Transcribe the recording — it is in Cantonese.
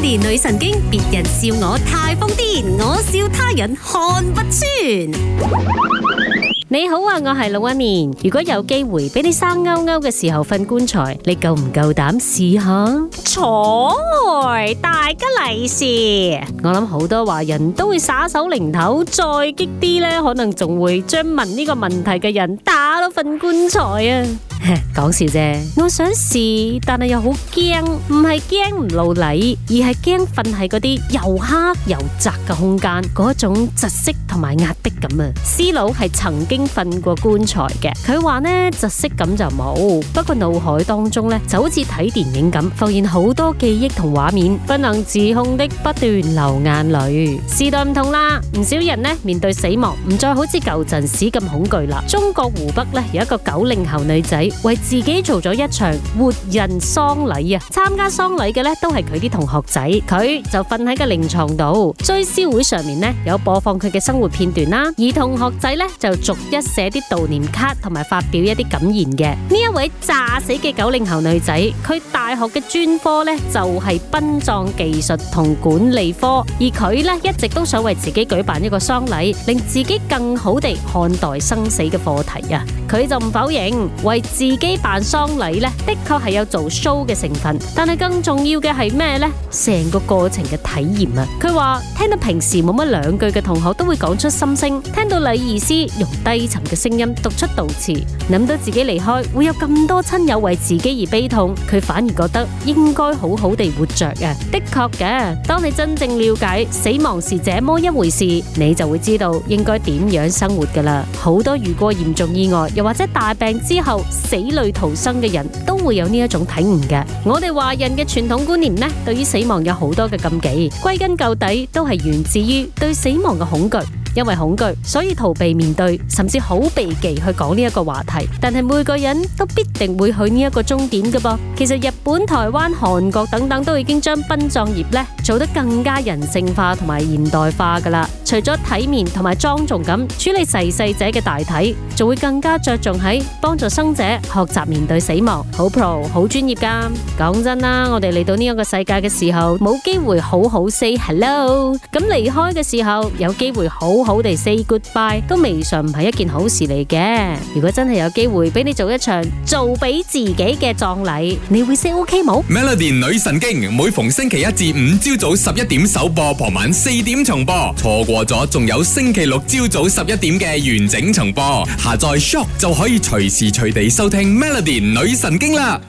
年女神經，別人笑我太瘋癲，我笑他人看不穿。你好啊，我係老一年。如果有機會俾你生勾勾嘅時候瞓棺材，你夠唔夠膽試下？坐大吉利是。我諗好多華人都會耍手擰頭，再激啲呢，可能仲會將問呢個問題嘅人打到瞓棺材啊！講笑啫，我想試，但係又好驚，唔係驚唔老利，而係驚瞓喺嗰啲又黑又窄嘅空間，嗰種窒息同埋壓迫感啊！師佬係曾經瞓過棺材嘅，佢話呢，窒息感就冇，不過腦海當中呢，就好似睇電影咁，浮現好多記憶同畫面，不能自控的不斷流眼淚。時代唔同啦，唔少人呢，面對死亡唔再好似舊陣時咁恐懼啦。中國湖北呢，有一個九零後女仔。為自己做咗一場活人喪禮啊！參加喪禮嘅咧，都係佢啲同學仔，佢就瞓喺個靈床度。追思會上面咧，有播放佢嘅生活片段啦，而同學仔呢，就逐一寫啲悼念卡同埋發表一啲感言嘅。呢一位詐死嘅九零後女仔，佢大學嘅專科呢，就係殯葬技術同管理科，而佢呢，一直都想為自己舉辦一個喪禮，令自己更好地看待生死嘅課題啊！佢就唔否認為自己扮喪禮呢，的確係有做 show 嘅成分。但係更重要嘅係咩呢？成個過程嘅體驗啊！佢話聽到平時冇乜兩句嘅同學都會講出心聲，聽到禮儀師用低沉嘅聲音讀出悼詞，諗到自己離開會有咁多親友為自己而悲痛，佢反而覺得應該好好地活着啊。的確嘅，當你真正了解死亡是這麼一回事，你就會知道應該點樣生活噶啦。好多如果嚴重意外，或者大病之後死裏逃生嘅人都會有呢一種體悟嘅。我哋華人嘅傳統觀念呢，對於死亡有好多嘅禁忌，歸根究底都係源自於對死亡嘅恐懼。因為恐懼，所以逃避面對，甚至好避忌去講呢一個話題。但係每個人都必定會去呢一個終點噶噃。其實日本、台灣、韓國等等都已經將殯葬業咧做得更加人性化同埋現代化噶啦。除咗體面同埋莊重感，處理逝世者嘅大體，仲會更加着重喺幫助生者學習面對死亡。好 pro 好專業噶。講真啦，我哋嚟到呢一個世界嘅時候，冇機會好好 say hello，咁離開嘅時候有機會好。好好地 say goodbye 都未嘗唔係一件好事嚟嘅。如果真係有機會俾你做一場做俾自己嘅葬禮，你會 say OK 冇？Melody 女神經每逢星期一至五朝早十一點首播，傍晚四點重播。錯過咗仲有星期六朝早十一點嘅完整重播。下載 Shop 就可以隨時隨地收聽 Melody 女神經啦。